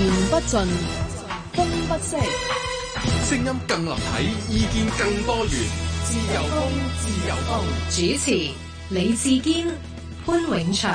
言不盡，風不息。聲音更立體，意見更多元。自由風，自由風。主持：李志堅、潘永祥。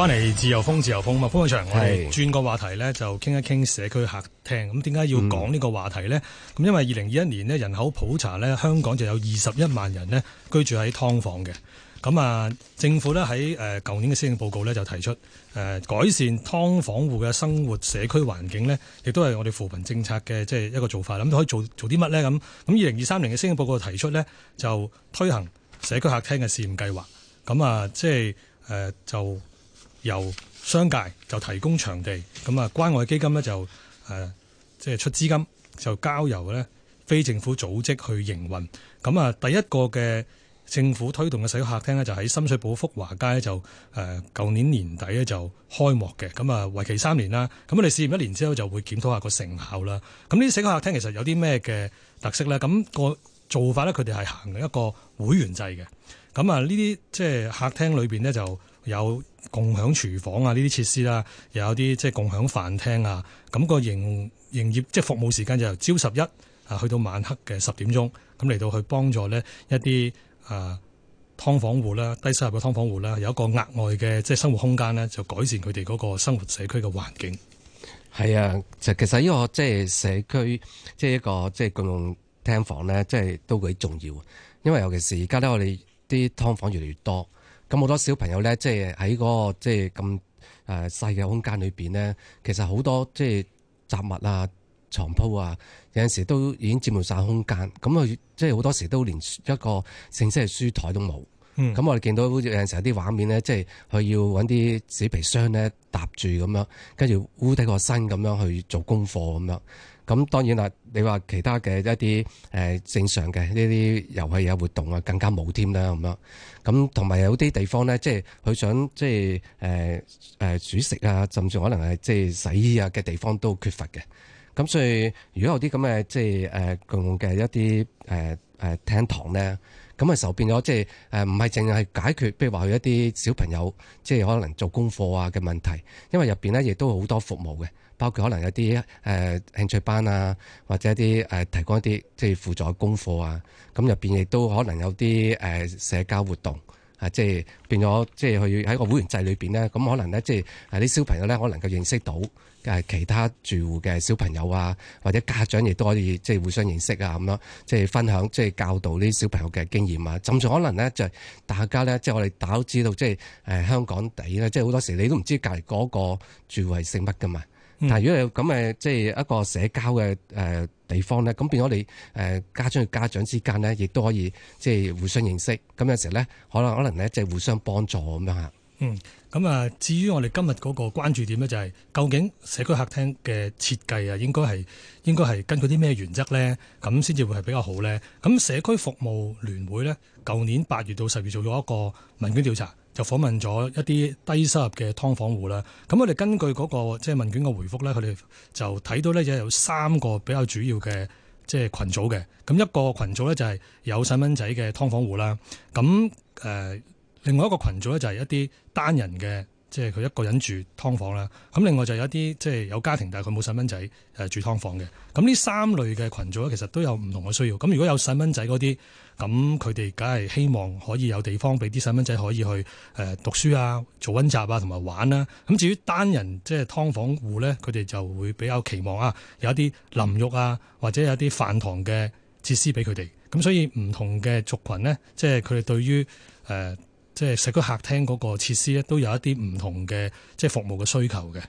翻嚟自由風，自由風嘛。方偉祥，我哋轉個，個話題呢，就傾一傾社區客廳。咁點解要講呢個話題呢？咁因為二零二一年呢，人口普查呢，香港就有二十一萬人呢居住喺劏房嘅。咁啊，政府呢喺誒舊年嘅施政報告呢，就提出、呃、改善劏房戶嘅生活社區環境呢，亦都係我哋扶貧政策嘅即係一個做法。咁、嗯、可以做做啲乜呢？咁咁二零二三年嘅施政報告提出呢，就推行社區客廳嘅試驗計劃。咁啊，即係誒、呃、就。由商界就提供場地，咁啊關外基金咧就誒即係出資金，就交由咧非政府組織去營運。咁啊，第一個嘅政府推動嘅社區客廳咧，就喺深水埗福華街就誒舊年年底咧就開幕嘅。咁啊，為期三年啦。咁我哋試驗一年之後，就會檢討下個成效啦。咁呢啲社區客廳其實有啲咩嘅特色咧？咁個做法咧，佢哋係行一個會員制嘅。咁啊，呢啲即係客廳裏邊咧就。有共享廚房啊，呢啲設施啦、啊，又有啲即係共享飯廳啊，咁、那個營營業即係服務時間就由朝十一啊去到晚黑嘅十點鐘，咁嚟到去幫助咧一啲啊劏房戶啦、低收入嘅劏房戶啦，有一個額外嘅即係生活空間咧，就改善佢哋嗰個生活社區嘅環境。係啊，就其實呢、這個即係、就是、社區，即、就、係、是、一個即係共用廳房咧，即、就、係、是、都幾重要，因為尤其是而家咧，我哋啲劏房越嚟越多。咁好多小朋友咧，即係喺嗰個即係咁誒細嘅空間裏邊咧，其實好多即係雜物啊、床鋪啊，有陣時都已經佔滿晒空間。咁佢即係好多時都連一個正式嘅書枱都冇。咁、嗯、我哋見到有陣時啲畫面咧，即係佢要揾啲紙皮箱咧搭住咁樣，跟住烏低個身咁樣去做功課咁樣。咁當然啦，你話其他嘅一啲正常嘅呢啲遊戲嘅活動啊，更加冇添啦咁樣。咁同埋有啲地方咧，即係佢想即係誒誒煮食啊，甚至可能係即係洗衣啊嘅地方都缺乏嘅。咁所以如果有啲咁嘅即係誒、呃、共用嘅一啲誒誒廳堂咧，咁啊受變咗即係唔係淨係解決，譬如話佢一啲小朋友即係可能做功課啊嘅問題，因為入面咧亦都好多服務嘅。包括可能有啲誒興趣班啊，或者一啲誒、呃、提供一啲即係輔助功課啊，咁入邊亦都可能有啲誒、呃、社交活動啊，即係變咗即係去喺個會員制裏邊咧，咁可能咧即係啲小朋友咧可能夠認識到誒其他住戶嘅小朋友啊，或者家長亦都可以即係互相認識啊，咁咯，即係分享即係教導啲小朋友嘅經驗啊，甚至可能咧就係、大家咧即係我哋大家都知道即係誒香港地咧，即係好多時你都唔知隔離嗰個住戶係姓乜噶嘛。但係，如果係咁誒，即係一個社交嘅誒地方咧，咁變咗你誒家長嘅家長之間咧，亦都可以即係互相認識。咁有時咧，可能可能咧，即係互相幫助咁樣嚇。嗯，咁啊，至於我哋今日嗰個關注點咧，就係究竟社區客廳嘅設計啊，應該係應該係根據啲咩原則咧，咁先至會係比較好咧？咁社區服務聯會咧，舊年八月到十月做咗一個民調調查。就訪問咗一啲低收入嘅劏房戶啦，咁我哋根據嗰個即係問卷嘅回覆呢，佢哋就睇到呢就有三個比較主要嘅即係羣組嘅，咁一個群組呢，就係有細蚊仔嘅劏房戶啦，咁、呃、另外一個群組呢，就係一啲單人嘅，即係佢一個人住劏房啦，咁另外就有一啲即係有家庭但係佢冇細蚊仔呃住劏房嘅，咁呢三類嘅群組呢，其實都有唔同嘅需要，咁如果有細蚊仔嗰啲。咁佢哋梗係希望可以有地方俾啲細蚊仔可以去誒讀書啊、做溫習啊，同埋玩呀。咁至於單人即係劏房戶咧，佢哋就會比較期望啊，有一啲淋浴啊，嗯、或者有一啲飯堂嘅設施俾佢哋。咁所以唔同嘅族群呢，即係佢哋對於即係社區客廳嗰個設施咧，都有一啲唔同嘅即係服務嘅需求嘅，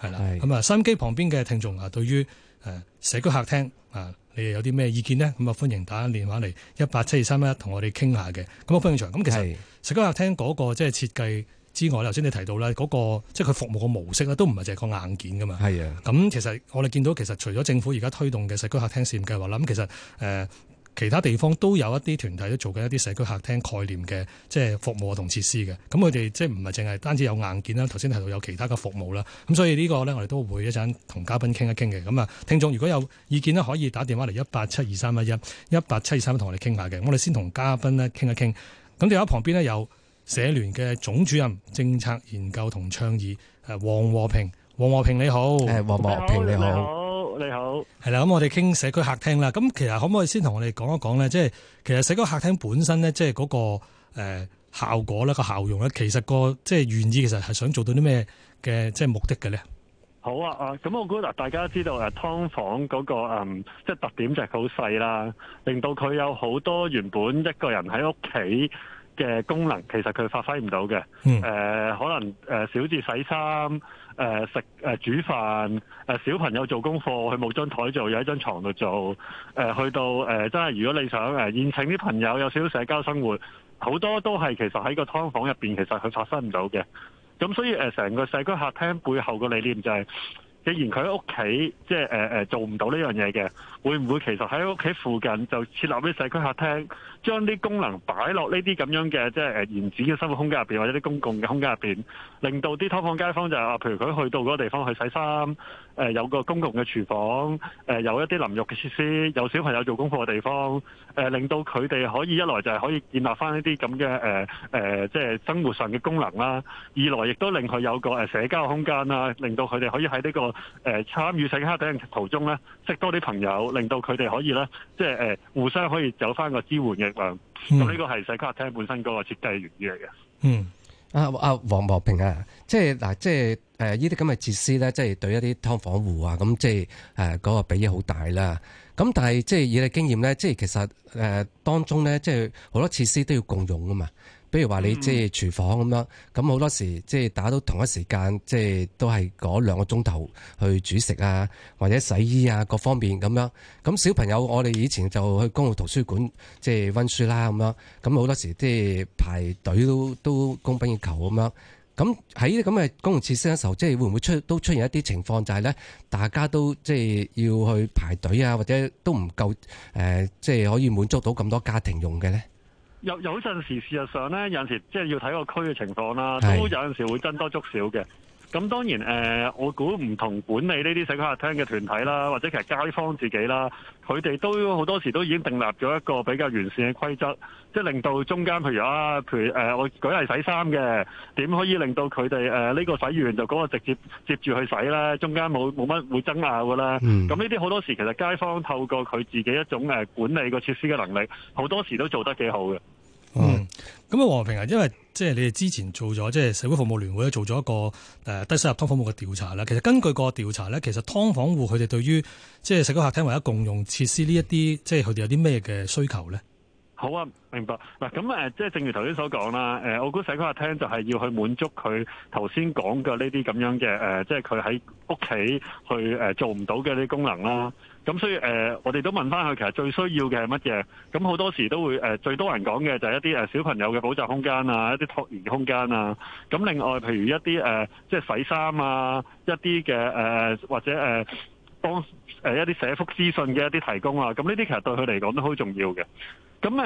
係啦。咁啊的，收音機旁邊嘅聽眾啊，對於。誒社區客廳啊，你有啲咩意見呢？咁啊歡迎打電話嚟一八七二三一一同我哋傾下嘅。咁啊潘永祥，咁其實社區客廳嗰個即係設計之外，頭先你提到啦嗰個即係佢服務個模式咧，都唔係淨係個硬件噶嘛。係啊。咁其實我哋見到其實除咗政府而家推動嘅社區客廳試驗計劃啦，咁其實誒。呃其他地方都有一啲團體都做緊一啲社區客廳概念嘅，即係服務同設施嘅。咁佢哋即係唔係淨係單止有硬件啦，頭先提到有其他嘅服務啦。咁所以呢個呢，我哋都會一陣同嘉賓傾一傾嘅。咁啊，聽眾如果有意見呢，可以打電話嚟一八七二三一一一八七二三一同我哋傾下嘅。我哋先同嘉賓呢傾一傾。咁電話旁邊呢，有社聯嘅總主任政策研究同倡議誒黃和平。黃和平你好。誒黃和平你好。你好，係啦，咁我哋傾社區客廳啦。咁其實可唔可以先同我哋講一講咧？即係其實社區客廳本身咧，即係嗰個誒效果咧，個效用咧，其實個即係原意，其實係想做到啲咩嘅，即係目的嘅咧。好啊，啊，咁我估嗱，大家知道誒，劏房嗰、那個誒、嗯，即係特點就係好細啦，令到佢有好多原本一個人喺屋企嘅功能，其實佢發揮唔到嘅。誒、嗯呃，可能誒，小至洗衫。誒、呃、食誒、呃、煮飯誒、呃、小朋友做功課，去冇張台做，又一張床度做。誒、呃、去到誒、呃、真係如果你想誒宴、呃、請啲朋友，有少少社交生活，好多都係其實喺個劏房入邊，其實佢發生唔到嘅。咁所以誒，成、呃、個社區客廳背後嘅理念就係、是，既然佢喺屋企即係誒、呃、做唔到呢樣嘢嘅，會唔會其實喺屋企附近就設立啲社區客廳？將啲功能擺落呢啲咁樣嘅即係原子嘅生活空間入面，或者啲公共嘅空間入面，令到啲劏房街坊就係話，譬如佢去到嗰個地方去洗衫，誒有個公共嘅廚房，有一啲淋浴嘅設施，有小朋友做功課嘅地方，令到佢哋可以一來就係可以建立翻呢啲咁嘅即係生活上嘅功能啦；二來亦都令佢有個社交空間啦，令到佢哋可以喺呢個誒參與洗界黑等途中咧識多啲朋友，令到佢哋可以咧即係互相可以有翻個支援嘅。咁呢個係社區客廳本身嗰個設計嘅原意嚟嘅。嗯，阿阿黃和平啊，即係嗱、啊，即係誒呢啲咁嘅設施咧，即係對一啲劏房戶啊，咁即係誒嗰個裨益好大啦。咁但係即係以你經驗咧，即係其實誒、啊、當中咧，即係好多設施都要共用啊嘛。比如話你即係廚房咁樣，咁好多時即係打到同一時間，即係都係嗰兩個鐘頭去煮食啊，或者洗衣啊各方面咁樣。咁小朋友，我哋以前就去公共圖書館即係温書啦咁樣。咁好多時即係排隊都都供不應求咁樣。咁喺啲咁嘅公共設施嘅時候，即係會唔會出都出現一啲情況，就係咧大家都即係要去排隊啊，或者都唔夠誒，即係可以滿足到咁多家庭用嘅咧？有有陣時，事實上呢，有陣時即係要睇個區嘅情況啦，都有陣時會增多縮少嘅。咁當然誒、呃，我估唔同管理呢啲洗衫客廳嘅團體啦，或者其實街坊自己啦，佢哋都好多時都已經訂立咗一個比較完善嘅規則，即係令到中間譬如啊，譬如誒、呃，我舉例洗衫嘅，點可以令到佢哋誒呢個洗完就嗰個直接接住去洗咧，中間冇冇乜會爭拗㗎啦，咁呢啲好、嗯、多時其實街坊透過佢自己一種、呃、管理個設施嘅能力，好多時都做得幾好嘅。嗯，咁啊，黃和平啊，因為即係你哋之前做咗即係社會服務聯會咧做咗一個誒低收入劏房服務嘅調查啦。其實根據個調查咧，其實劏房戶佢哋對於即係社區客廳或者共用設施呢一啲，即係佢哋有啲咩嘅需求咧？好啊，明白嗱。咁誒，即係正如頭先所講啦。誒，我估社區客廳就係要去滿足佢頭先講嘅呢啲咁樣嘅誒，即係佢喺屋企去誒做唔到嘅啲功能啦。咁所以誒、呃，我哋都問翻佢，其實最需要嘅係乜嘢？咁好多時都會誒、呃，最多人講嘅就係一啲小朋友嘅補習空間啊，一啲托兒空間啊。咁另外，譬如一啲誒、呃，即係洗衫啊，一啲嘅誒或者誒、呃、幫、呃、一啲社福資訊嘅一啲提供啊。咁呢啲其實對佢嚟講都好重要嘅。咁誒、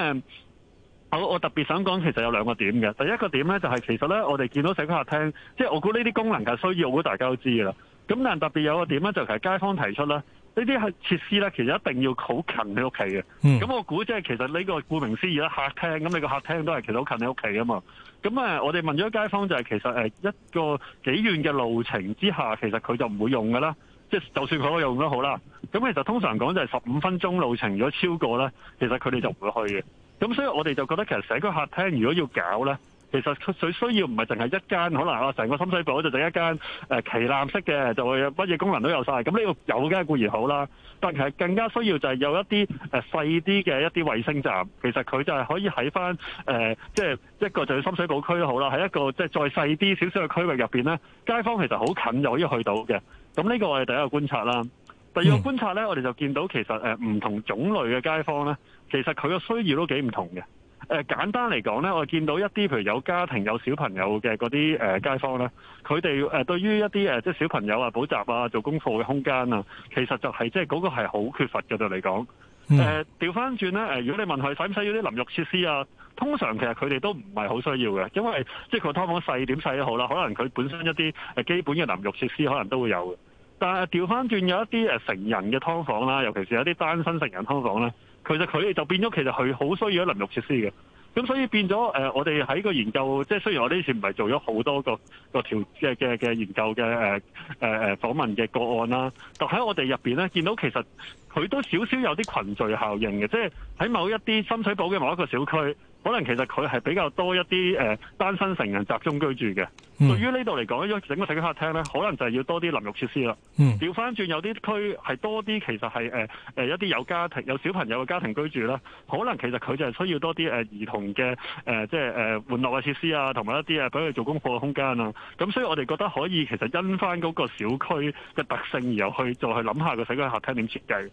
呃，我我特別想講，其實有兩個點嘅。第一個點咧，就係、是、其實咧，我哋見到社區客廳，即、就、係、是、我估呢啲功能嘅需要，我估大家都知噶啦。咁但特別有一個點咧，就係、是、街坊提出啦。設呢啲係設施咧，其實一定要好近你屋企嘅。咁、嗯、我估即係其實呢個顧名思義咧，客廳，咁你個客廳都係其實好近你屋企啊嘛。咁我哋問咗街坊就係、是、其實誒一個幾遠嘅路程之下，其實佢就唔會用噶啦。即、就、係、是、就算佢可以用都好啦。咁其實通常講就係十五分鐘路程，如果超過咧，其實佢哋就唔會去嘅。咁所以我哋就覺得其實社區客廳如果要搞咧。其實佢需要唔係淨係一間，可能啊成個深水埗就整一間誒、呃、旗艦式嘅，就會乜嘢功能都有晒。咁呢個有嘅固然好啦，但其實更加需要就係有一啲誒、呃、細啲嘅一啲衛星站。其實佢就係可以喺翻誒，即、呃、係、就是、一個就係深水埗區好啦，喺一個即係再細啲少少嘅區域入邊咧，街坊其實好近就可以去到嘅。咁呢個我哋第一個觀察啦。第二個觀察咧，我哋就見到其實誒唔、呃、同種類嘅街坊咧，其實佢嘅需要都幾唔同嘅。誒簡單嚟講咧，我見到一啲譬如有家庭有小朋友嘅嗰啲誒街坊咧，佢哋誒對於一啲即係小朋友啊補習啊做功課嘅空間啊，其實就係即係嗰個係好缺乏嘅。對嚟講，誒調翻轉咧，誒如果你問佢使唔使要啲淋浴設施啊，通常其實佢哋都唔係好需要嘅，因為即佢個劏房細點細都好啦，可能佢本身一啲基本嘅淋浴設施可能都會有嘅。但係調翻轉有一啲成人嘅劏房啦，尤其是有啲單身成人劏房咧。其實佢就變咗，其實佢好需要一啲淋浴設施嘅，咁所以變咗誒、呃，我哋喺個研究，即係雖然我呢次唔係做咗好多個個調查嘅嘅嘅研究嘅誒誒誒訪問嘅個案啦，但喺我哋入面咧，見到其實佢都少少有啲群聚效應嘅，即係喺某一啲深水埗嘅某一個小區。可能其實佢係比較多一啲誒單身成人集中居住嘅，對於呢度嚟講，一整個社區客廳咧，可能就係要多啲淋浴設施啦。調翻轉有啲區係多啲，其實係誒一啲有家庭有小朋友嘅家庭居住啦，可能其實佢就係需要多啲誒兒童嘅誒、呃、即係誒、呃、玩樂嘅設施啊，同埋一啲啊俾佢做功課嘅空間啊。咁所以我哋覺得可以其實因翻嗰個小區嘅特性而去，而後去再去諗下個社區客廳點設計。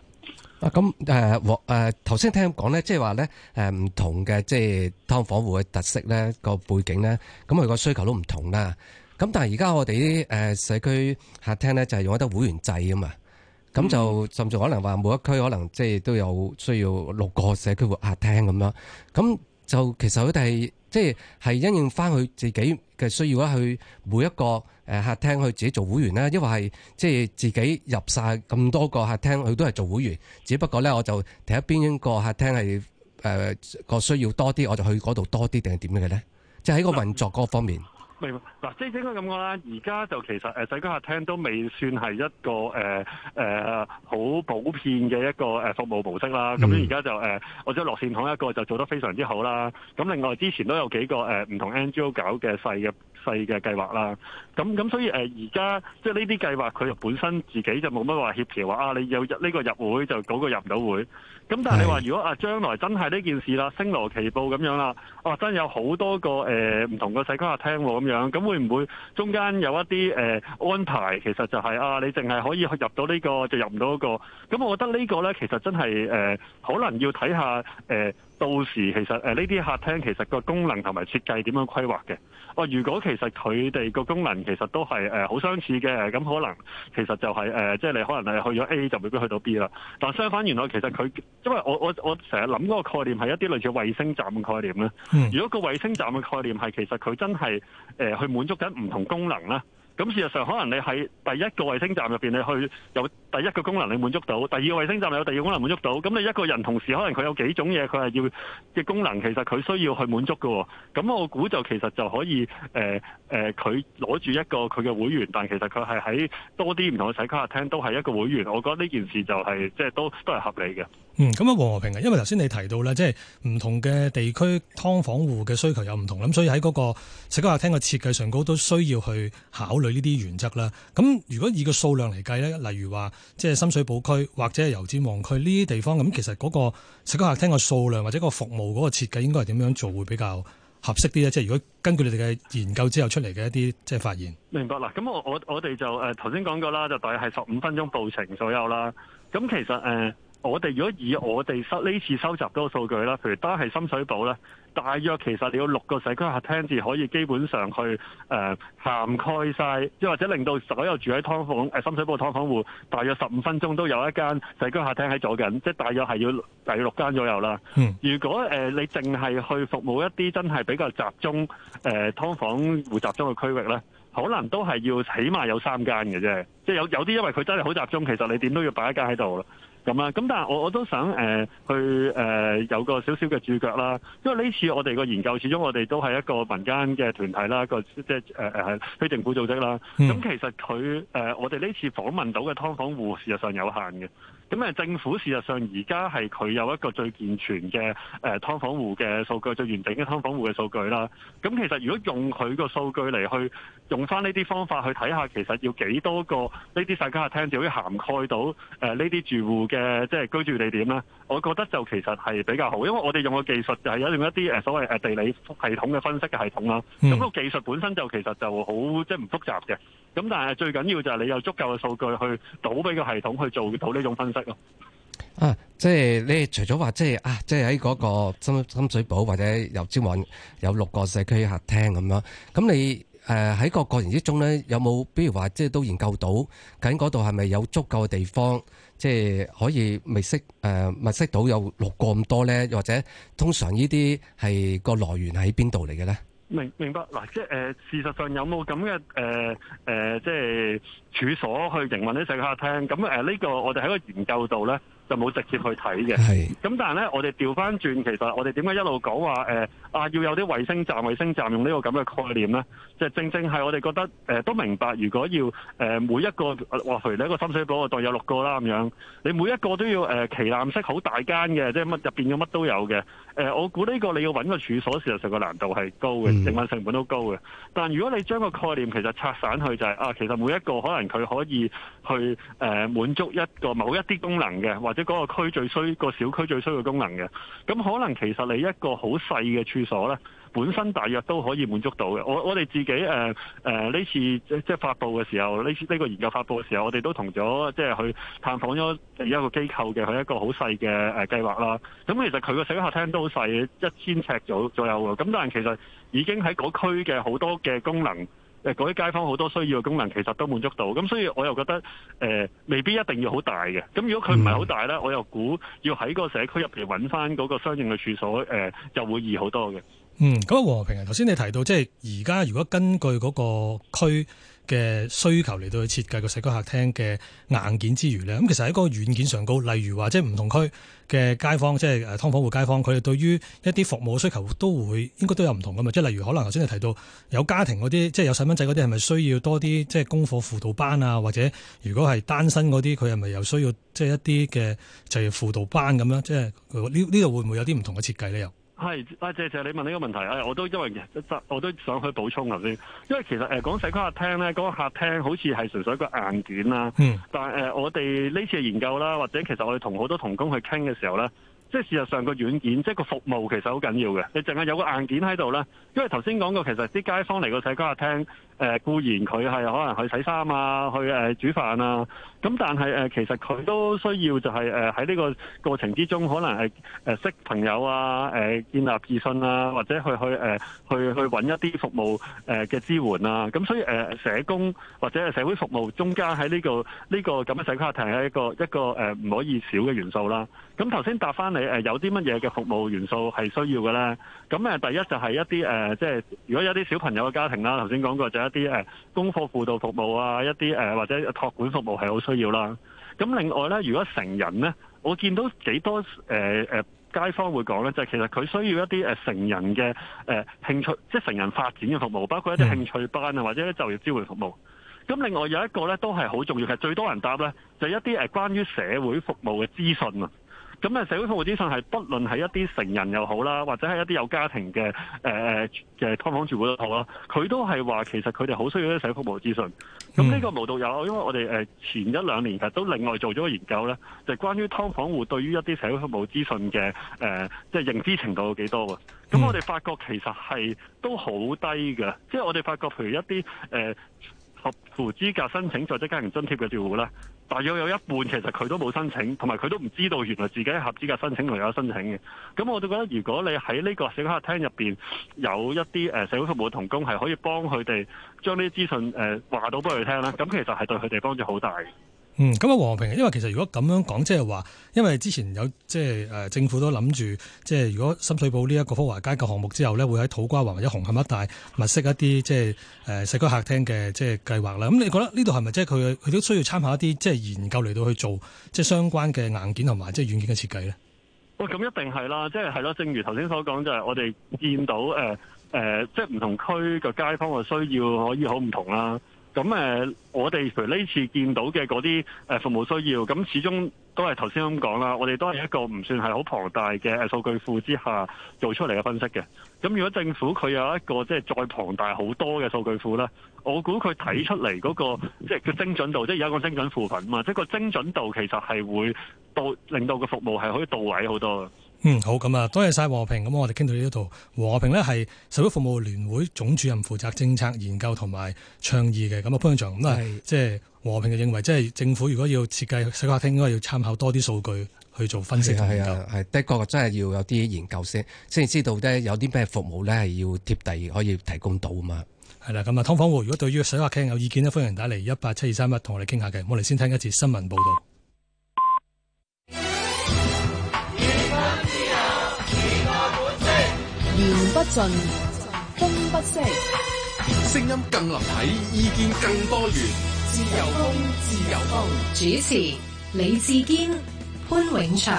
啊，咁誒，我誒頭先聽講咧，即係話咧，誒唔同嘅即係劏房戶嘅特色咧，個背景咧，咁佢個需求都唔同啦。咁但係而家我哋啲社區客廳咧，就係用一得會員制啊嘛。咁就、嗯、甚至可能話，每一區可能即係都有需要六個社區會客廳咁樣。咁就其實佢哋即係係因應返佢自己嘅需要啦，去每一個誒客廳去自己做會員啦，抑或係即係自己入晒咁多個客廳，佢都係做會員。只不過咧，我就睇一邊個客廳係誒個需要多啲，我就去嗰度多啲定係點嘅咧？即係喺個運作嗰個方面。明白嗱，即係應該咁講啦。而家就其實誒，社、呃、區客廳都未算係一個誒誒好普遍嘅一個誒服務模式啦。咁而家就誒、呃，我將樂善堂一個就做得非常之好啦。咁另外之前都有幾個誒唔、呃、同 NGO 搞嘅細嘅嘅計劃啦，咁咁所以誒而家即係呢啲計劃，佢又、呃、本身自己就冇乜話協調話啊，你有入呢個入會就嗰個入唔到會。咁但係你話的如果啊將來真係呢件事啦、啊，星羅棋布咁樣啦，哦、啊、真有好多個誒唔、啊、同個社區話聽社區客廳咁樣，咁會唔會中間有一啲誒、啊、安排，其實就係、是、啊你淨係可以入到呢、這個就入唔到嗰個？咁我覺得呢個呢，其實真係誒、啊、可能要睇下誒。啊到時其實誒呢啲客廳其實個功能同埋設計點樣規劃嘅？哇、呃！如果其實佢哋個功能其實都係誒好相似嘅，咁可能其實就係誒即係你可能係去咗 A 就未必去到 B 啦。但相反原來其實佢因為我我我成日諗嗰個概念係一啲類似衛星站嘅概念咧。如果個衛星站嘅概念係其實佢真係誒、呃、去滿足緊唔同功能咧。咁事實上，可能你喺第一個衛星站入邊，你去有第一個功能，你滿足到；第二個衛星站有第二個功能滿足到。咁你一個人同時可能佢有幾種嘢，佢係要嘅功能，其實佢需要去滿足㗎喎。咁我估就其實就可以誒誒，佢攞住一個佢嘅會員，但其實佢係喺多啲唔同嘅社區客廳都係一個會員。我覺得呢件事就係即係都都係合理嘅。嗯，咁啊黃和平啊，因為頭先你提到咧，即係唔同嘅地區劏房戶嘅需求有唔同啦，咁所以喺嗰個社區客廳嘅設計上，高都需要去考慮呢啲原則啦。咁如果以個數量嚟計咧，例如話即係深水埗區或者係油尖旺區呢啲地方，咁其實嗰個社區客廳嘅數量或者個服務嗰個設計應該係點樣做會比較合適啲咧？即係如果根據你哋嘅研究之後出嚟嘅一啲即係發現，明白啦。咁我、呃、我我哋就誒頭先講過啦，就大概係十五分鐘步程左右啦。咁其實、呃我哋如果以我哋收呢次收集嗰個數據啦，譬如單係深水埗咧，大約其實你要六個社區客廳至可以基本上去誒、呃、涵蓋晒，即係或者令到所有住喺劏房、啊、深水埗劏房戶大約十五分鐘都有一間社區客廳喺左近，即係大約係要大約六間左右啦。嗯、如果誒、呃、你淨係去服務一啲真係比較集中誒劏、呃、房戶集中嘅區域咧，可能都係要起碼有三間嘅啫。即係有有啲因為佢真係好集中，其實你點都要擺一間喺度咁啦，咁但係我我都想誒、呃、去誒、呃、有個少少嘅注腳啦，因為呢次我哋個研究始終我哋都係一個民間嘅團體啦，一個即係誒誒非政府組織啦。咁、嗯、其實佢誒、呃、我哋呢次訪問到嘅㓥房戶事實上有限嘅。咁政府事實上而家係佢有一個最健全嘅誒、呃、劏房戶嘅數據，最完整嘅劏房戶嘅數據啦。咁其實如果用佢個數據嚟去用翻呢啲方法去睇下，其實要幾多個呢啲社區客廳就可以涵蓋到誒呢啲住戶嘅即係居住地點呢？我覺得就其實係比較好，因為我哋用嘅技術就係有一啲所謂地理系統嘅分析嘅系統啦。咁個、嗯、技術本身就其實就好即係唔複雜嘅。咁但係最緊要就係你有足夠嘅數據去倒俾個系統去做到呢種分析咯。啊，即係你除咗話即係啊，即係喺嗰個深深水埗或者又招揾有六個社區客廳咁樣，咁你誒喺個過程之中咧，有冇比如話即係都研究到緊嗰度係咪有足夠嘅地方，即係可以物色誒物色到有六個咁多咧？或者通常呢啲係個來源係喺邊度嚟嘅咧？明明白嗱，即係誒、呃、事實上有冇咁嘅誒誒，即係處所去營運啲社客廳咁誒，呢個我哋喺個研究度咧。就冇直接去睇嘅，咁是但係咧，我哋調翻轉，其實我哋點解一路講話、呃、啊要有啲衛星站，衛星站用呢個咁嘅概念咧，即、就是、正正係我哋覺得誒、呃、都明白，如果要誒、呃、每一個，或譬如你一個深水埗我當有六個啦咁樣，你每一個都要誒、呃、旗艦式好大間嘅，即係乜入面嘅乜都有嘅。誒、呃，我估呢個你要搵個處所，事實上個難度係高嘅，營運、嗯、成本都高嘅。但如果你將個概念其實拆散去，就係、是、啊，其實每一個可能佢可以去誒、呃、滿足一個某一啲功能嘅，或者喺嗰個區最衰，個小區最衰嘅功能嘅，咁可能其實你一個好細嘅處所呢，本身大約都可以滿足到嘅。我我哋自己誒呢、呃呃、次即係發發布嘅時候，呢、這、呢個研究發布嘅時候，我哋都同咗即係去探訪咗一個機構嘅，佢一個好細嘅計計劃啦。咁其實佢個小客廳都好細，一千尺左左右㗎。咁但係其實已經喺嗰區嘅好多嘅功能。誒嗰啲街坊好多需要嘅功能其實都滿足到，咁所以我又覺得誒、呃、未必一定要好大嘅。咁如果佢唔係好大咧，嗯、我又估要喺個社區入邊揾翻嗰個相應嘅處所誒、呃，就會易好多嘅。嗯，咁和平啊，頭先你提到即係而家如果根據嗰個區嘅需求嚟到去設計個社區客廳嘅硬件之餘咧，咁其實喺個軟件上高，例如話即係唔同區嘅街坊，即係誒劏房戶街坊，佢哋對於一啲服務嘅需求都會應該都有唔同噶嘛。即係例如可能頭先你提到有家庭嗰啲，即係有細蚊仔嗰啲，係咪需要多啲即係功課輔導班啊？或者如果係單身嗰啲，佢係咪又需要即係一啲嘅就業輔導班咁樣，即係呢呢度會唔會有啲唔同嘅設計咧？又？係，啊謝謝你問呢個問題，哎、我都因為我都想去補充先，因為其實誒講、呃、社區客廳咧，嗰、那個客廳好似係純粹一個硬件啦，嗯，但係、呃、我哋呢次嘅研究啦，或者其實我哋同好多同工去傾嘅時候咧，即係事實上個軟件，即係個服務其實好緊要嘅，你淨係有個硬件喺度咧，因為頭先講過，其實啲街坊嚟個社區客廳。誒固然佢係可能去洗衫啊，去誒煮飯啊，咁但係誒其實佢都需要就係誒喺呢個過程之中，可能係誒識朋友啊，誒建立自信啊，或者去去誒去去搵一啲服務誒嘅支援啊，咁所以誒社工或者係社會服務中間喺呢個呢個咁嘅社區客廳係一個一個誒唔可以少嘅元素啦。咁頭先答翻你誒有啲乜嘢嘅服務元素係需要嘅咧？咁誒第一就係一啲誒即係如果有啲小朋友嘅家庭啦，頭先講過就啲誒功課輔導服務啊，一啲誒或者托管服務係好需要啦。咁另外咧，如果成人咧，我見到幾多誒誒、呃、街坊會講咧，就係、其實佢需要一啲誒成人嘅誒、呃、興趣，即係成人發展嘅服務，包括一啲興趣班啊，或者啲就業支援服務。咁另外有一個咧，都係好重要嘅，最多人答咧，就係、一啲誒關於社會服務嘅資訊啊。咁啊，社會服務資訊係不論係一啲成人又好啦，或者係一啲有家庭嘅誒嘅劏房住戶好都好啦，佢都係話其實佢哋好需要啲社會服務資訊。咁呢、嗯、個無獨有，因為我哋誒前一兩年其實都另外做咗個研究咧，就係、是、關於劏房戶對於一啲社會服務資訊嘅誒，即、呃、係、就是、認知程度有幾多嘅。咁我哋發覺其實係都好低嘅，即、就、係、是、我哋發覺譬如一啲誒、呃、合乎資格申請在職家庭津貼嘅住戶咧。大約有一半其實佢都冇申請，同埋佢都唔知道原來自己係合資格申請同有申請嘅。咁我就覺得，如果你喺呢個社會客廳入面有一啲誒、呃、社會服務同工，係可以幫佢哋將呢啲資訊誒話到俾佢聽啦。咁、呃、其實係對佢哋幫助好大。嗯，咁啊，黃和平，因為其實如果咁樣講，即係話，因為之前有即係、就是呃、政府都諗住，即、就、係、是、如果深水埗呢一個福華街嘅項目之後咧，會喺土瓜灣或者紅磡一帶物色一啲即係誒社區客廳嘅即係計劃啦。咁、嗯、你覺得呢度係咪即係佢佢都需要參考一啲即係研究嚟到去做即係、就是、相關嘅硬件同埋即係軟件嘅設計咧？喂、哦，咁一定係啦，即係係咯。正如頭先所講、呃呃，就係我哋見到誒即係唔同區嘅街坊嘅需要可以好唔同啦、啊。咁誒，我哋譬如呢次見到嘅嗰啲誒服務需要，咁始終都係頭先咁講啦。我哋都係一個唔算係好龐大嘅數據庫之下做出嚟嘅分析嘅。咁如果政府佢有一個即係再龐大好多嘅數據庫咧，我估佢睇出嚟嗰個即係嘅精準度，即係而家講精準扶貧啊嘛，即係個精準度其實係會到令到個服務係可以到位好多。嗯，好，咁啊，多謝晒和平，咁我哋傾到呢一度。和平呢係社會服務聯會總主任，負責政策研究同埋倡議嘅。咁啊潘長都係即係和平就認為，即係政府如果要設計社區客廳，應該要參考多啲數據去做分析、啊、研究。係的，確真係要有啲研究先，先知道呢有啲咩服務呢係要貼地可以提供到啊嘛。係啦，咁啊，劏房戶如果對於社區客廳有意見呢，歡迎打嚟一八七二三一同我哋傾下嘅。我哋先聽一次新聞報道。言不盡，風不息，聲音更立體，意見更多元，自由風，自由風。主持：李志堅、潘永祥。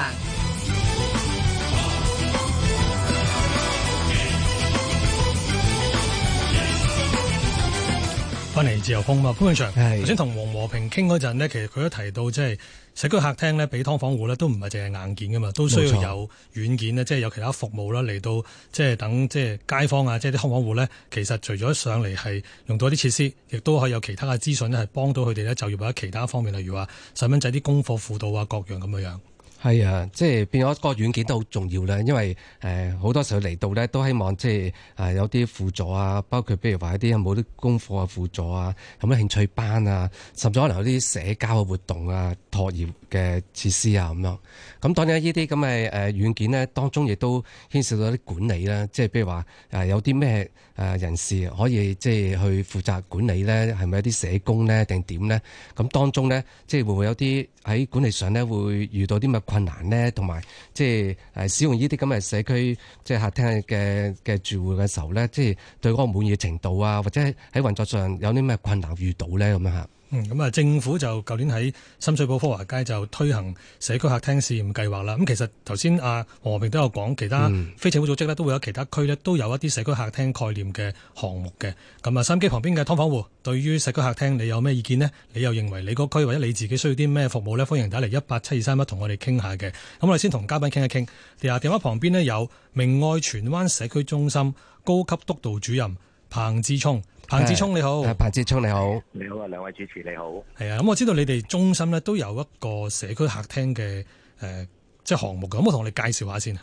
翻嚟自由風嘛，潘永祥。頭先同黃和平傾嗰陣呢，是的 其實佢都提到即係社區客廳咧，俾劏房戶咧都唔係淨係硬件㗎嘛，都需要有軟件沒錯 即係有其他服務啦，嚟到即係等即係街坊啊，即係啲劏房戶咧，其實除咗上嚟係用到啲設施，亦都可以有其他嘅資訊咧，係幫到佢哋咧就業或者其他方面，例如話細蚊仔啲功課輔導啊，各樣咁樣。係啊，即係變咗個軟件都好重要啦，因為誒好多時候嚟到咧都希望即係有啲輔助啊，包括譬如話一啲有冇啲功課啊、輔助啊，有冇興趣班啊，甚至可能有啲社交嘅活動啊、拓展嘅設施啊咁樣。咁當然呢啲咁嘅誒軟件咧，當中亦都牽涉到一啲管理啦，即係譬如話有啲咩人士可以即係去負責管理咧，係咪一啲社工咧，定點咧？咁當中咧，即係會唔會有啲喺管理上咧會遇到啲乜？困難呢，同埋即係誒，使用呢啲咁嘅社區即係客廳嘅嘅住戶嘅時候咧，即係對嗰個滿意嘅程度啊，或者喺運作上有啲咩困難遇到咧咁樣吓。嗯，咁啊，政府就舊年喺深水埗科華街就推行社區客廳試驗計劃啦。咁其實頭先啊和平都有講，其他非政府組織呢都會有其他區呢都有一啲社區客廳概念嘅項目嘅。咁、嗯、啊，收音、嗯、機旁邊嘅劏房戶，對於社區客廳你有咩意見呢？你又認為你嗰區或者你自己需要啲咩服務呢？歡迎打嚟一八七二三一，同我哋傾下嘅。咁我哋先同嘉賓傾一傾。然後電話旁邊呢有明愛荃灣社區中心高級督導主任。彭智聰，彭智聰你好，彭智聰你好，你好啊，兩位主持你好，係啊，咁我知道你哋中心咧都有一個社區客廳嘅誒，即係項目噶，咁我同你介紹下先啊。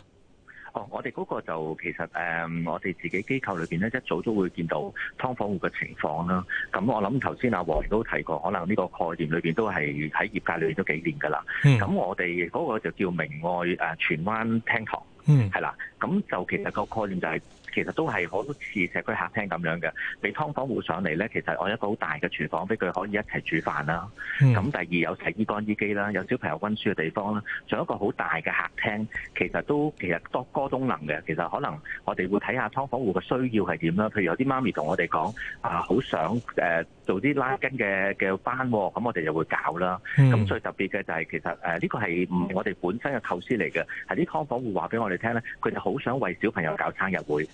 哦，我哋嗰個就其實誒、嗯，我哋自己機構裏邊咧一早都會見到劏房戶嘅情況啦。咁我諗頭先阿黃亦都提過，可能呢個概念裏邊都係喺業界裏邊都幾年噶啦。咁、嗯、我哋嗰個就叫明愛誒荃灣廳堂，嗯係啦。咁就其實個概念就係、是。其實都係好似社區客廳咁樣嘅，俾劏房戶上嚟呢，其實我一個好大嘅廚房俾佢可以一齊煮飯啦。咁、嗯、第二有洗衣乾衣機啦，有小朋友溫書嘅地方啦，仲有一個好大嘅客廳，其實都其實多多功能嘅。其實可能我哋會睇下劏房戶嘅需要係點啦。譬如有啲媽咪同我哋講啊，好想誒做啲拉筋嘅嘅班，咁我哋就會搞啦。咁、嗯、最特別嘅就係、係、其實誒呢、啊呢個唔係我哋本身嘅構思嚟嘅，係啲劏房戶話俾我哋聽呢，佢哋好想為小朋友搞生日會。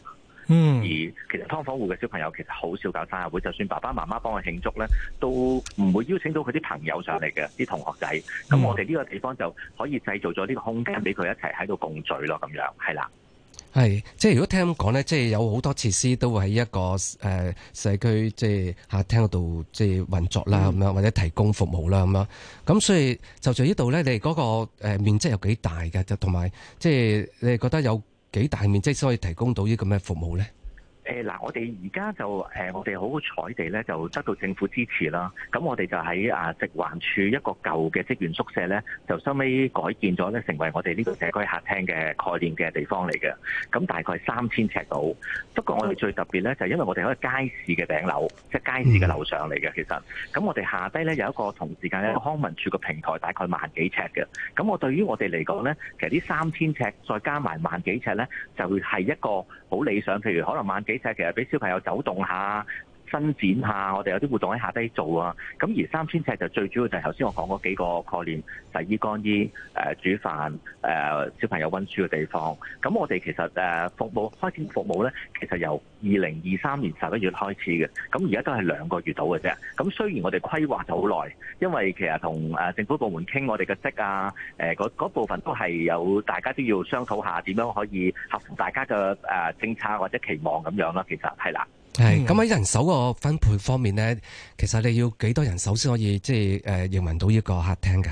嗯，而其實劏房戶嘅小朋友其實好少搞生日會，就算爸爸媽媽幫佢慶祝咧，都唔會邀請到佢啲朋友上嚟嘅，啲同學仔。咁我哋呢個地方就可以製造咗呢個空間俾佢一齊喺度共聚咯，咁樣係啦。係，即係如果聽講咧，即係有好多設施都會喺一個誒社區即係客廳嗰度即係運作啦，咁樣或者提供服務啦，咁樣。咁所以就在呢度咧，你嗰個誒面積有幾大嘅？就同埋即係你係覺得有幾大面積先可以提供到呢啲咁嘅服務咧？誒嗱、呃，我哋而家就誒、呃，我哋好好彩地咧，就得到政府支持啦。咁我哋就喺啊，直環處一個舊嘅職員宿舍咧，就收尾改建咗咧，成為我哋呢個社區客廳嘅概念嘅地方嚟嘅。咁大概三千尺度，不過我哋最特別咧，就因為我哋喺個街市嘅頂樓，即係街市嘅樓上嚟嘅。其實咁我哋下低咧有一個同時間一個康文署嘅平台，大概萬幾尺嘅。咁我對於我哋嚟講咧，其實呢三千尺再加埋萬幾尺咧，就係一個好理想。譬如可能萬幾。其實，俾小朋友走動一下。伸展下，我哋有啲活動喺下低做啊！咁而三千尺就最主要就係頭先我講嗰幾個概念，就洗衣、乾、呃、衣、誒煮飯、呃、小朋友溫書嘅地方。咁、嗯、我哋其實誒服務開展服務咧，其實由二零二三年十一月開始嘅。咁而家都係兩個月到嘅啫。咁、嗯、雖然我哋規劃咗好耐，因為其實同政府部門傾我哋嘅職啊、嗰、呃、嗰部分都係有大家都要商討下點樣可以合乎大家嘅誒、呃、政策或者期望咁樣囉。其實係啦。係咁，喺人手個分配方面咧，其實你要幾多人手先可以即係誒營運到呢個客廳嘅？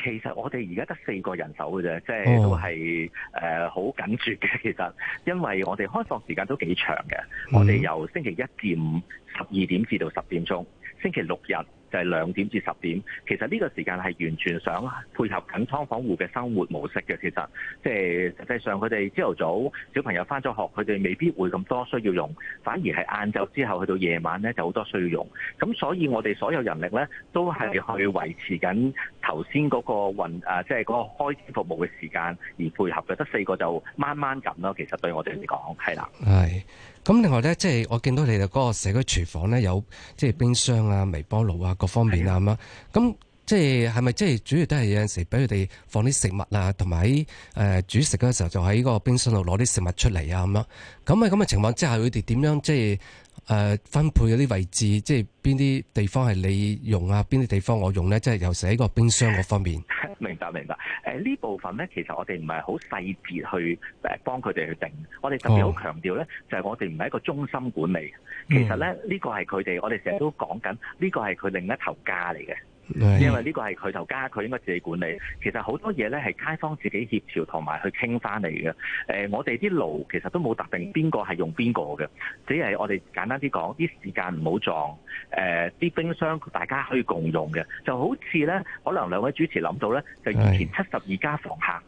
其實我哋而家得四個人手嘅啫，即係都係誒好緊絀嘅。其實，因為我哋開放時間都幾長嘅，嗯、我哋由星期一至五，十二點至到十點鐘，星期六日，就係兩點至十點，其實呢個時間係完全想配合緊劏房戶嘅生活模式嘅。其實即係實際上，上，佢哋朝頭早小朋友翻咗學，佢哋未必會咁多需要用，反而係晏晝之後去到夜晚咧就好多需要用。咁所以我哋所有人力咧都係去維持緊頭先嗰個運誒，即係嗰個開服務嘅時間而配合嘅，得四個就慢慢咁咯。其實對我哋嚟講係啦。咁另外咧，即係我見到你哋嗰個社區廚房咧，有即係冰箱啊、微波爐啊各方面啊咁樣。咁即係係咪即係主要都係有陣時俾佢哋放啲食物啊，同埋誒煮食嗰時候就喺個冰箱度攞啲食物出嚟啊咁樣。咁喺咁嘅情況之下，佢哋點樣即係，誒、呃、分配嗰啲位置，即係邊啲地方係你用啊，邊啲地方我用咧？即係尤其是喺個冰箱嗰方面。明白，明白。誒、呃、呢部分咧，其實我哋唔係好細節去誒幫佢哋去定。我哋特別好強調咧，哦、就係我哋唔係一個中心管理。其實咧，呢、嗯、個係佢哋，我哋成日都講緊，呢、這個係佢另一頭家嚟嘅。對因為呢個係佢頭家，佢應該自己管理。其實好多嘢，呢係街坊自己協調同埋去傾翻嚟嘅。誒、呃，我哋啲爐其實都冇特定邊個係用邊個嘅，只係我哋簡單啲講，啲時間唔好撞。誒、呃，啲冰箱大家可以共用嘅，就好似呢，可能兩位主持諗到呢，就以前七十二家房客。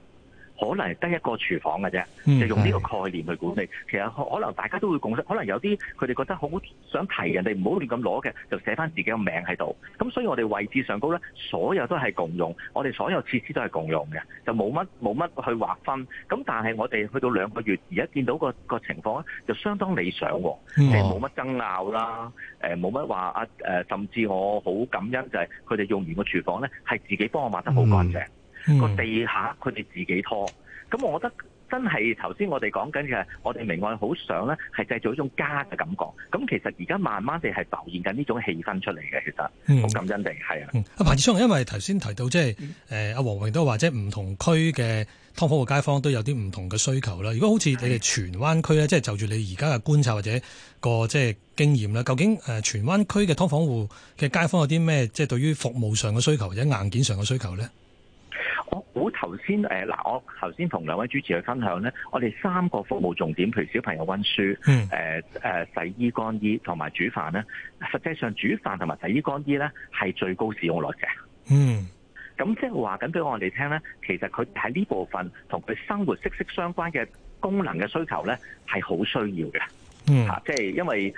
可能得一個廚房嘅啫，嗯、就用呢個概念去管理。其實可能大家都會共識，可能有啲佢哋覺得好想提人哋唔好亂咁攞嘅，就寫翻自己嘅名喺度。咁所以我哋位置上高呢，所有都係共用，我哋所有設施都係共用嘅，就冇乜冇乜去劃分。咁但係我哋去到兩個月，而家見到個個情況呢就相當理想、哦，喎、嗯，冇乜爭拗啦。冇乜話啊、呃！甚至我好感恩就係佢哋用完個廚房呢，係自己幫我抹得好乾淨。嗯個、嗯、地下佢哋自己拖，咁我覺得真係頭先我哋講緊嘅，我哋明愛好想咧係製造一種家嘅感覺。咁其實而家慢慢地係浮現緊呢種氣氛出嚟嘅，其實好感恩地係、嗯、啊！阿、嗯、彭智聰因為頭先提到即係誒阿黃榮都話，即係唔同區嘅劏房戶街坊都有啲唔同嘅需求啦。如果好似你哋荃灣區咧，即係的就住你而家嘅觀察或者個即係經驗啦，究竟誒荃、呃、灣區嘅劏房戶嘅街坊有啲咩即係對於服務上嘅需求或者硬件上嘅需求咧？我估頭先誒嗱，我頭先同兩位主持去分享咧，我哋三個服務重點，譬如小朋友溫書，誒、mm. 呃、洗衣乾衣同埋煮飯咧，實際上煮飯同埋洗衣乾衣咧，係最高使用率嘅。嗯，咁即係話緊俾我哋聽咧，其實佢喺呢部分同佢生活息息相關嘅功能嘅需求咧，係好需要嘅。嗯，嚇！即係因為誒，佢、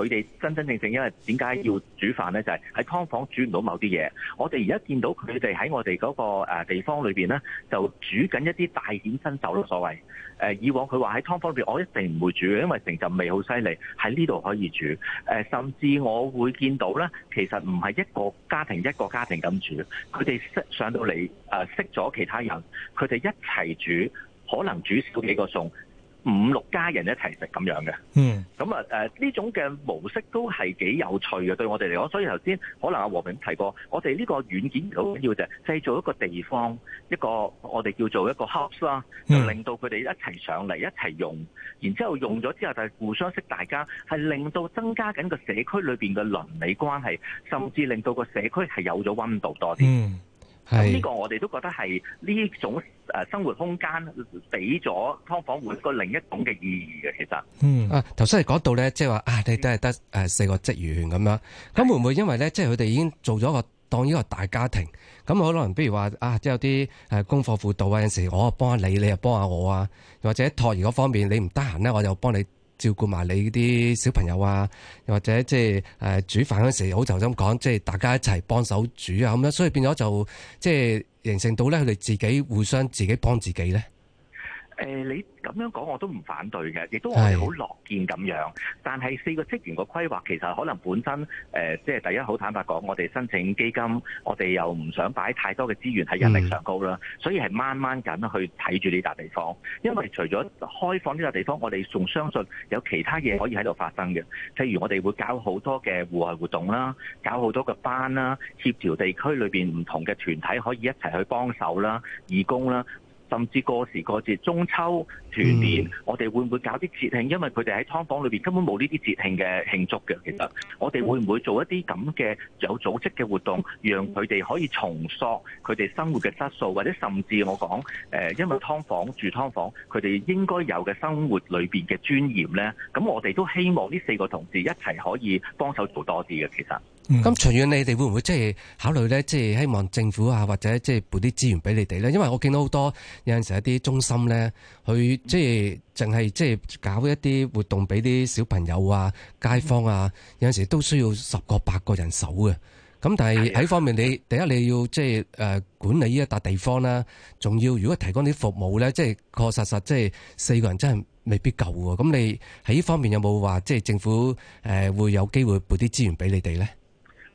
呃、哋真真正正，因為點解要煮飯咧？就係喺湯房煮唔到某啲嘢。我哋而家見到佢哋喺我哋嗰個地方裏邊咧，就煮緊一啲大顯身手咯。所謂誒，以往佢話喺湯房裏邊，我一定唔會煮，因為成陣味好犀利。喺呢度可以煮誒、呃，甚至我會見到咧，其實唔係一個家庭一個家庭咁煮，佢哋識上到嚟誒、呃、識咗其他人，佢哋一齊煮，可能煮少幾個餸。五六家人一齊食咁樣嘅，嗯、mm.，咁啊呢種嘅模式都係幾有趣嘅，對我哋嚟講，所以頭先可能阿和平提過，我哋呢個軟件好緊要就係製造一個地方，一個我哋叫做一個 house 啦，就令到佢哋一齊上嚟一齊用，然之後用咗之後就係互相識大家，係令到增加緊個社區裏面嘅鄰里關係，甚至令到個社區係有咗溫度多啲。Mm. 咁呢是個我哋都覺得係呢種誒生活空間俾咗劏房戶個另一種嘅意義嘅，其實。嗯啊，啊，頭先係講到咧，即係話啊，你都係得誒四個職員咁樣，咁會唔會因為咧，是即係佢哋已經做咗個當呢個大家庭，咁好多人不如話啊，即係有啲誒功課輔導啊，有時我幫下你，你又幫下我啊，或者托兒嗰方面你唔得閒咧，我就幫你。照顧埋你啲小朋友啊，又或者即係誒煮飯嗰時好就咁講，即係大家一齊幫手煮啊咁樣，所以變咗就即係形成到咧，佢哋自己互相自己幫自己咧。誒、呃，你咁樣講我都唔反對嘅，亦都我係好樂見咁樣。是但係四個職員個規劃，其實可能本身誒、呃，即係第一好坦白講，我哋申請基金，我哋又唔想擺太多嘅資源喺人力上高啦，嗯、所以係慢慢咁去睇住呢笪地方。因為除咗開放呢笪地方，我哋仲相信有其他嘢可以喺度發生嘅，譬如我哋會搞好多嘅戶外活動啦，搞好多嘅班啦，協調地區裏邊唔同嘅團體可以一齊去幫手啦，義工啦。甚至過時過節中秋。全年我哋會唔會搞啲節慶？因為佢哋喺劏房裏邊根本冇呢啲節慶嘅慶祝嘅。其實我哋會唔會做一啲咁嘅有組織嘅活動，讓佢哋可以重塑佢哋生活嘅質素，或者甚至我講誒，因為劏房住劏房，佢哋應該有嘅生活裏邊嘅尊嚴咧。咁我哋都希望呢四個同事一齊可以幫手做多啲嘅。其實，咁長遠，你哋會唔會即係考慮咧？即係希望政府啊，或者即係撥啲資源俾你哋咧？因為我見到好多有陣時一啲中心咧，去。即係淨係即係搞一啲活動俾啲小朋友啊、街坊啊，有陣時都需要十個八個人手嘅。咁但係喺方面，哎、呀你第一你要即係誒管理呢一笪地方啦，仲要如果提供啲服務咧，即係確實實即係四個人真係未必夠喎。咁你喺呢方面有冇話即係政府誒會有機會撥啲資源俾你哋咧？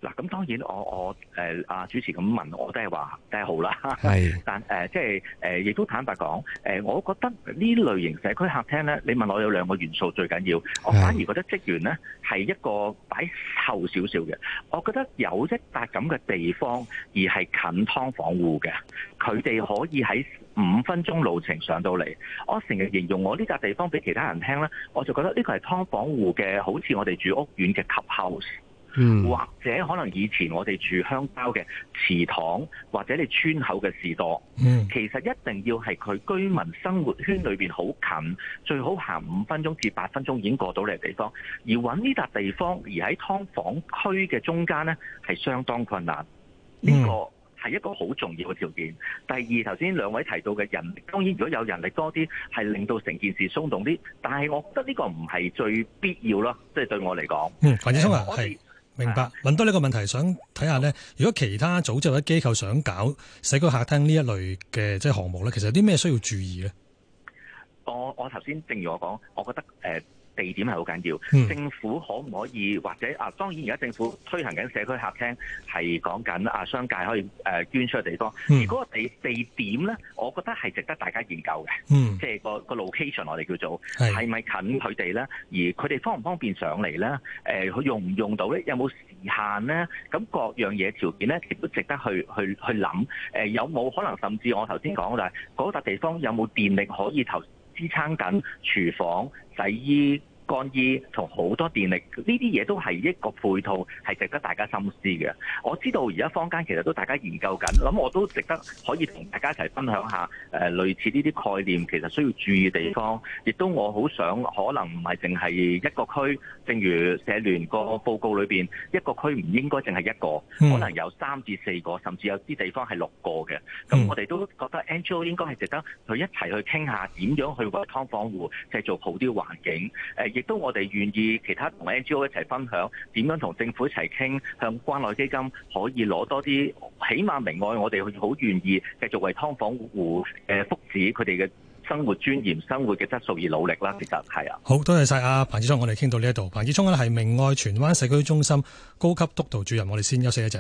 嗱，咁當然我，我我誒阿主持咁問我，都係話都係好啦。係，但誒、呃、即係誒、呃，亦都坦白講，誒、呃，我覺得呢類型社區客廳咧，你問我有兩個元素最緊要，我反而覺得職員咧係一個擺後少少嘅。我覺得有一笪咁嘅地方而係近劏房戶嘅，佢哋可以喺五分鐘路程上到嚟。我成日形容我呢笪地方俾其他人聽咧，我就覺得呢個係劏房戶嘅，好似我哋住屋苑嘅 club house。嗯、或者可能以前我哋住鄉郊嘅祠堂，或者你村口嘅士多，嗯、其實一定要係佢居民生活圈裏邊好近，嗯、最好行五分鐘至八分鐘已經過到你嘅地方。而揾呢笪地方而喺劏房區嘅中間呢，係相當困難。呢個係一個好重要嘅條件。嗯、第二，頭先兩位提到嘅人，當然如果有人力多啲，係令到成件事鬆動啲。但係我覺得呢個唔係最必要咯，即係對我嚟講。嗯，反正的明白，問多呢個問題，想睇下呢。如果其他組織或者機構想搞社區客廳呢一類嘅即係項目呢，其實有啲咩需要注意呢？我我頭先正如我講，我覺得、呃地點係好緊要，嗯、政府可唔可以或者啊？當然而家政府推行緊社區客廳，係講緊啊商界可以誒捐出嘅地方。嗯、而嗰個地地點咧，我覺得係值得大家研究嘅。嗯，即係、嗰個、嗰個、location 我哋叫做係咪是近佢哋咧？而佢哋方唔方便上嚟咧？佢、呃、用唔用到咧？有冇時限咧？咁各樣嘢條件咧，亦都值得去去去諗、呃。有冇可能甚至我頭先講就嗰笪地方有冇電力可以投？支撐緊廚房洗衣、乾衣同好多電力呢啲嘢都係一個配套，係值得大家深思嘅。我知道而家坊間其實都大家研究緊，咁我都值得可以同大家一齊分享下，誒類似呢啲概念其實需要注意地方，亦都我好想可能唔係淨係一個區，正如社聯個報告裏邊一個區唔應該淨係一個，可能有三至四個，甚至有啲地方係六個嘅。咁我哋都覺得 NGO 應該係值得去一齊去傾下點樣去維康訪戶，製造好啲環境，誒。亦都我哋願意，其他同 NGO 一齊分享點樣同政府一齊傾向關愛基金可以攞多啲，起碼明愛我哋好願意繼續為劏房戶誒福祉佢哋嘅生活尊嚴生活嘅質素而努力啦。其實係啊，好多謝晒啊，彭智聰我哋傾到呢一度。彭智聰咧係明愛荃灣社區中心高級督導主任，我哋先休息一陣。